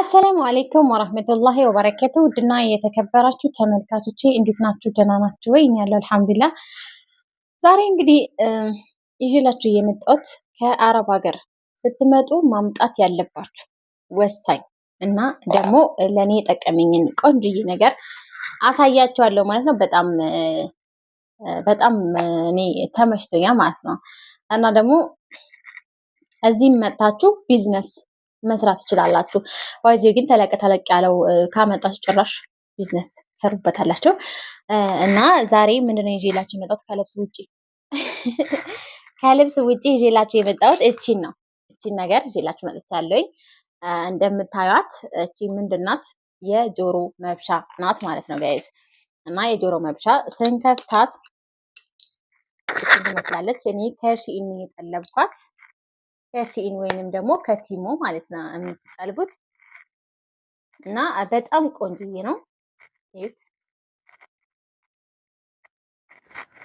አሰላሙ አሌይኩም ወረህመቱላሂ ወበረከቱ። ውድና የተከበራችሁ ተመልካቾቼ እንዴት ናችሁ? ደህና ናችሁ ወይ? እኔ ያለው አልሐምዱሊላህ። ዛሬ እንግዲህ ይዤላችሁ የመጣሁት ከአረብ ሀገር ስትመጡ ማምጣት ያለባችሁ ወሳኝ እና ደግሞ ለእኔ የጠቀመኝን ቆንጆዬ ነገር አሳያችኋለሁ ማለት ነው። በጣም በጣም እኔ ተመችቶኛል ማለት ነው እና ደግሞ እዚህም መጥታችሁ ቢዝነስ መስራት ትችላላችሁ። ባይዚ ግን ተለቅ ተለቅ ያለው ካመጣችሁ ጭራሽ ቢዝነስ ሰሩበታላችሁ። እና ዛሬ ምንድነው ይዤላችሁ የመጣሁት ከልብስ ውጪ ከልብስ ውጪ ይዤላችሁ የመጣሁት እቺን ነው። እቺን ነገር ይዤላችሁ መጥቻለሁኝ። እንደምታዩት እቺ ምንድናት? የጆሮ መብሻ ናት ማለት ነው ጋይዝ። እና የጆሮ መብሻ ስንከፍታት ትመስላለች። እኔ ከሺኢን የጠለብኳት ከሲኢን ወይንም ደግሞ ከቲሞ ማለት ነው የምትጠልቡት እና በጣም ቆንጆዬ ነው ት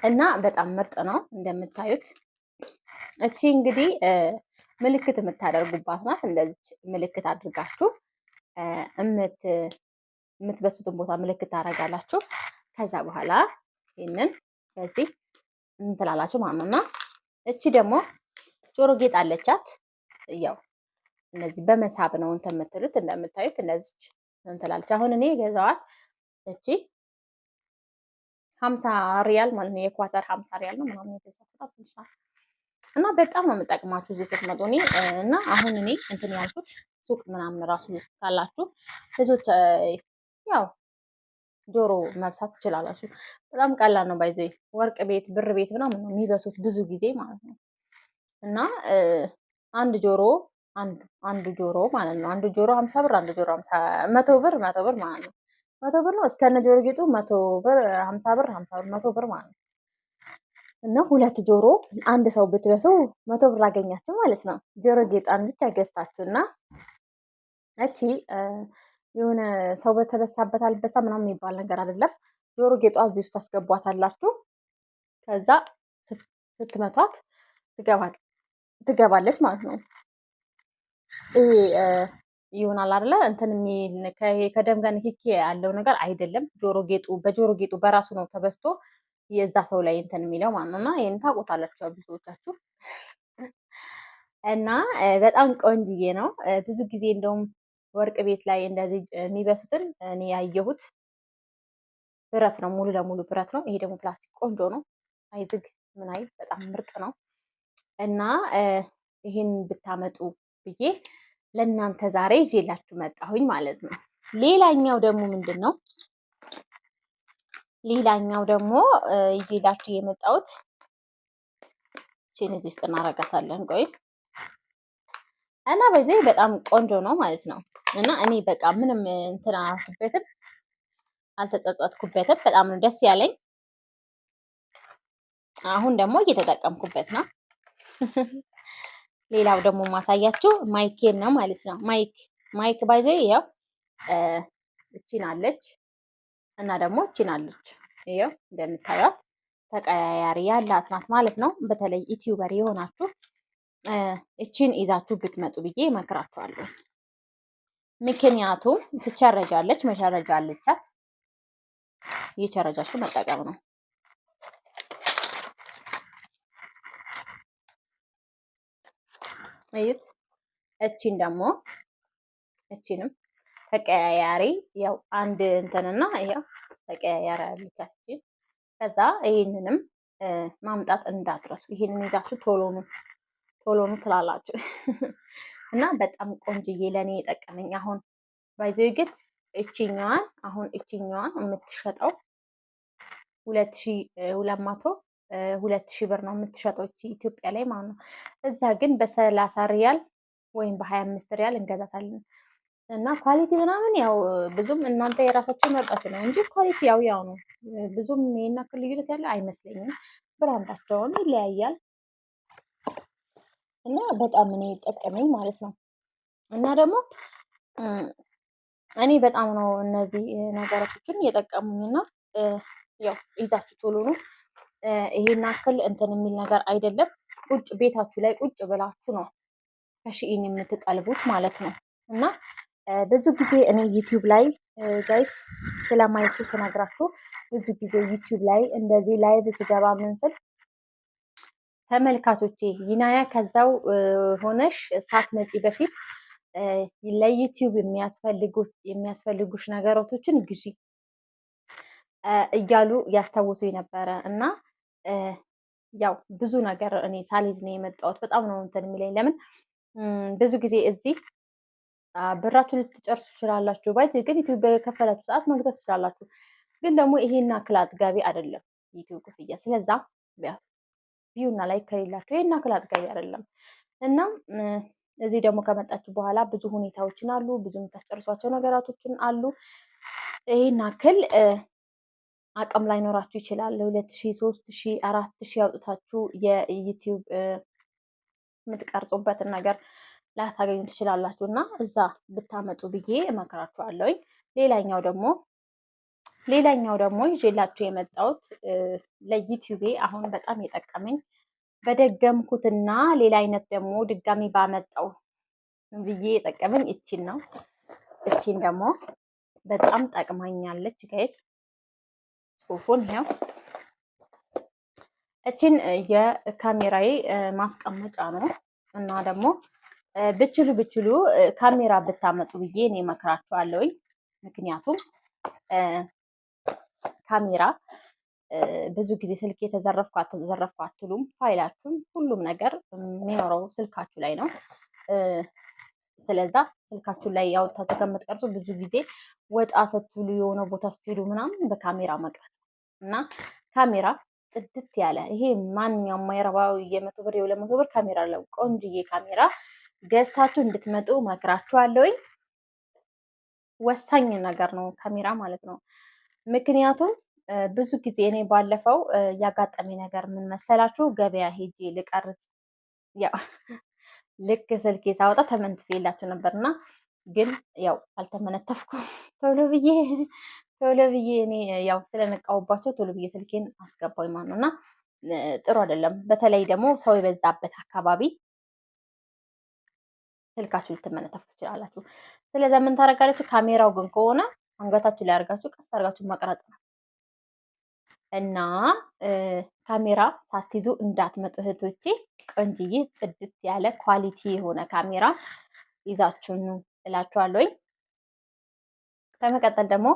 እና በጣም ምርጥ ነው እንደምታዩት። እቺ እንግዲህ ምልክት የምታደርጉባት ናት። እንደዚች ምልክት አድርጋችሁ የምትበሱትን ቦታ ምልክት ታደርጋላችሁ። ከዛ በኋላ ይህንን በዚህ እንትላላችሁ ማለት ነው እቺ ደግሞ ጆሮ ጌጥ አለቻት። ያው እነዚህ በመሳብ ነው እንትን የምትሉት እንደምታዩት እነዚች እንትላለች። አሁን እኔ ገዛዋት እቺ ሀምሳ ሪያል ማለት ነው የኳተር ሀምሳ ሪያል ነው ምናምን የገዛት እና በጣም ነው የምጠቅማችሁ እዚህ ስትመጡ እኔ እና አሁን እኔ እንትን ያልኩት ሱቅ ምናምን ራሱ ካላችሁ ልጆች ያው ጆሮ መብሳት ትችላላችሁ። በጣም ቀላል ነው። ባይዘ ወርቅ ቤት ብር ቤት ምናምን ነው የሚበሱት ብዙ ጊዜ ማለት ነው። እና አንድ ጆሮ አንዱ ጆሮ ማለት ነው። አንዱ ጆሮ ሀምሳ ብር አንዱ ጆሮ መቶ ብር መቶ ብር ማለት ነው። መቶ ብር ነው እስከነ ጆሮ ጌጡ መቶ ብር ሀምሳ ብር ሀምሳ ብር መቶ ብር ማለት ነው። እና ሁለት ጆሮ አንድ ሰው ብትበሱ መቶ ብር አገኛችሁ ማለት ነው። ጆሮ ጌጧን ብቻ ገዝታችሁ እና እቺ የሆነ ሰው በተበሳበት አልበሳ ምናምን የሚባል ነገር አይደለም። ጆሮ ጌጧ እዚህ ውስጥ ታስገቧታላችሁ። ከዛ ስትመቷት ትገባል። ትገባለች ማለት ነው። ይሄ ይሆናል አይደለ? እንትን የሚል ከደም ጋር ንክኪ ያለው ነገር አይደለም። ጆሮ ጌጡ በጆሮ ጌጡ በራሱ ነው ተበስቶ የዛ ሰው ላይ እንትን የሚለው ማለት ነው። እና ይህን ታውቁታላችሁ ብዙዎቻችሁ። እና በጣም ቆንጅዬ ነው። ብዙ ጊዜ እንደውም ወርቅ ቤት ላይ እንደዚህ የሚበሱትን እኔ ያየሁት ብረት ነው፣ ሙሉ ለሙሉ ብረት ነው። ይሄ ደግሞ ፕላስቲክ ቆንጆ ነው። አይዝግ ምን አይል፣ በጣም ምርጥ ነው። እና ይህን ብታመጡ ብዬ ለእናንተ ዛሬ ይዤላችሁ መጣሁኝ ማለት ነው። ሌላኛው ደግሞ ምንድን ነው? ሌላኛው ደግሞ ይዤላችሁ የመጣሁት ቼን እዚህ ውስጥ እናረጋታለን። ቆይ እና በዚህ በጣም ቆንጆ ነው ማለት ነው። እና እኔ በቃ ምንም እንትን አላልኩበትም፣ አልተጸጸትኩበትም። በጣም ነው ደስ ያለኝ። አሁን ደግሞ እየተጠቀምኩበት ነው። ሌላው ደግሞ ማሳያችሁ ማይኬን ነው ማለት ነው። ማይክ ማይክ ባይዘ ያው እቺን አለች እና ደግሞ እቺን አለች። ይኸው እንደምታዩት ተቀያያሪ ያላት ናት ማለት ነው። በተለይ ዩቲዩበር የሆናችሁ እቺን ይዛችሁ ብትመጡ ብዬ እመክራችኋለሁ። ምክንያቱም ትቸረጃለች፣ መቸረጃ አለቻት። እየቸረጃችሁ መጠቀም ነው። እዩት። እቺን ደግሞ እቺንም ተቀያያሪ ያው አንድ እንትንና ያው ተቀያያሪ አለቻት። ከዛ ይህንንም ማምጣት እንዳትረሱ። ይህንን ይዛችሁ ቶሎኑ ቶሎኑ ትላላችሁ እና በጣም ቆንጅዬ ለእኔ የጠቀመኝ አሁን ባይዘ ግን እችኛዋን አሁን እችኛዋን የምትሸጠው ሁለት ሺ ሁለት መቶ ሁለት ሺህ ብር ነው የምትሸጠው ኢትዮጵያ ላይ ማለት ነው። እዛ ግን በሰላሳ ሪያል ወይም በሀያ አምስት ሪያል እንገዛታለን እና ኳሊቲ ምናምን ያው ብዙም እናንተ የራሳቸው መርጣት ነው እንጂ ኳሊቲ ያው ያው ነው። ብዙም ይሄን ልዩነት ያለ አይመስለኝም። ብራንዳቸውም ይለያያል እና በጣም እኔ ጠቀመኝ ማለት ነው። እና ደግሞ እኔ በጣም ነው እነዚህ ነገሮችን የጠቀሙኝ እና ያው ይዛችሁ ቶሎ ነው ይሄን አክል እንትን የሚል ነገር አይደለም። ቁጭ ቤታችሁ ላይ ቁጭ ብላችሁ ነው ከሽኢን የምትጠልቡት ማለት ነው። እና ብዙ ጊዜ እኔ ዩቲዩብ ላይ ጋይስ ስለማየቱ ስነግራችሁ ብዙ ጊዜ ዩቲዩብ ላይ እንደዚህ ላይቭ ስገባ ምንስል ተመልካቾቼ ይናያ ከዛው ሆነሽ ሳት መጪ በፊት ለዩቲዩብ የሚያስፈልጉሽ ነገሮቶችን ግዢ እያሉ ያስታውሱኝ ነበረ እና ያው ብዙ ነገር እኔ ሳልይዝ ነው የመጣሁት። በጣም ነው እንትን የሚለኝ። ለምን ብዙ ጊዜ እዚህ ብራችሁ ልትጨርሱ ትችላላችሁ፣ ባይ ግን ዩቲዩብ በከፈላችሁ ሰዓት መግዛት ትችላላችሁ። ግን ደግሞ ይሄና ክላት አጥጋቢ አይደለም ዩቲዩብ ክፍያ። ስለዛ ቪዩና ላይ ከሌላችሁ ይሄና ክላት አጥጋቢ አይደለም እና እዚህ ደግሞ ከመጣችሁ በኋላ ብዙ ሁኔታዎችን አሉ፣ ብዙ የምታስጨርሷቸው ነገራቶችን አሉ። ይሄና ክል አቅም ላይ ኖራችሁ ይችላል። ለሁለት ሺ ሶስት ሺ አራት ሺ አውጥታችሁ የዩቲዩብ የምትቀርጹበትን ነገር ላታገኙ ትችላላችሁ እና እዛ ብታመጡ ብዬ እመክራችኋለሁኝ። ሌላኛው ደግሞ ሌላኛው ደግሞ ይዤላችሁ የመጣሁት ለዩቲዩቤ አሁን በጣም የጠቀመኝ በደገምኩትና ሌላ አይነት ደግሞ ድጋሚ ባመጣው ብዬ የጠቀመኝ እቺን ነው። እቺን ደግሞ በጣም ጠቅማኛለች ጋይስ ጽሁፉን ይኸው እቺን የካሜራዬ ማስቀመጫ ነው እና ደግሞ ብችሉ ብችሉ ካሜራ ብታመጡ ብዬ እኔ እመክራችኋለሁኝ። ምክንያቱም ካሜራ ብዙ ጊዜ ስልክ የተዘረፍኩ አልተዘረፍኩ አትሉም። ፋይላችሁም ሁሉም ነገር የሚኖረው ስልካችሁ ላይ ነው። ስለዛ ስልካችሁ ላይ ያወጣችሁ ከምትቀርጹ ብዙ ጊዜ ወጣ ስትሉ የሆነ ቦታ ስትሄዱ ምናምን በካሜራ መቅረጽ እና ካሜራ ጽድት ያለ ይሄ ማንኛውም ማይረባው የመቶ ብር የሁለት መቶ ብር ካሜራ አለው። ቆንጅዬ ካሜራ ገዝታችሁ እንድትመጡ መክራችኋለሁኝ። ወሳኝ ነገር ነው ካሜራ ማለት ነው። ምክንያቱም ብዙ ጊዜ እኔ ባለፈው ያጋጠሜ ነገር ምን መሰላችሁ? ገበያ ሄጄ ልቀርጽ ያው ልክ ስልኬ ሳወጣ ተመንትፌ የላችሁ ነበር እና ግን ያው አልተመነተፍኩም ቶሎ ብዬ ቶሎ ብዬ እኔ ያው ስለነቃውባቸው ቶሎ ብዬ ስልኬን አስገባኝ ማለት ነው። እና ጥሩ አይደለም። በተለይ ደግሞ ሰው የበዛበት አካባቢ ስልካችሁ ልትመነተፉ ትችላላችሁ። ስለዚ ምን ታደርጋላችሁ? ካሜራው ግን ከሆነ አንገታችሁ ላይ አርጋችሁ ቀስ አርጋችሁ መቅረጽ ነው እና ካሜራ ሳትይዙ እንዳትመጡ እህቶቼ። ቆንጅዬ ጽድት ያለ ኳሊቲ የሆነ ካሜራ ይዛችሁ እላችኋለሁኝ። በመቀጠል ደግሞ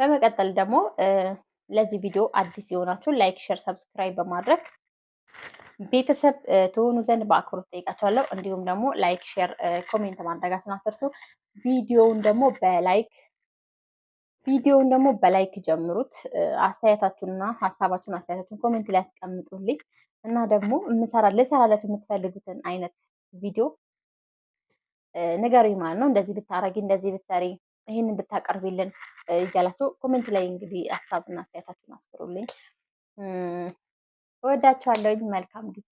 በመቀጠል ደግሞ ለዚህ ቪዲዮ አዲስ የሆናችሁ ላይክ፣ ሼር፣ ሰብስክራይብ በማድረግ ቤተሰብ ትሆኑ ዘንድ በአክብሮት ጠይቃችኋለሁ። እንዲሁም ደግሞ ላይክ፣ ሼር፣ ኮሜንት ማድረጋችሁን አትርሱ። ቪዲዮውን ደግሞ በላይክ ቪዲዮውን ደግሞ በላይክ ጀምሩት። አስተያየታችሁንና ሀሳባችሁን አስተያየታችሁን ኮሜንት ላይ ያስቀምጡልኝ እና ደግሞ የምሰራ ልሰራላችሁ የምትፈልጉትን አይነት ቪዲዮ ንገሩኝ ማለት ነው። እንደዚህ ብታረጊ፣ እንደዚህ ብትሰሪ ይህን ብታቀርብልን እያላችሁ ኮሜንት ላይ እንግዲህ ሀሳብና አስተያየታችሁን አስፍሩልኝ። እወዳችኋለሁኝ። መልካም ጊዜ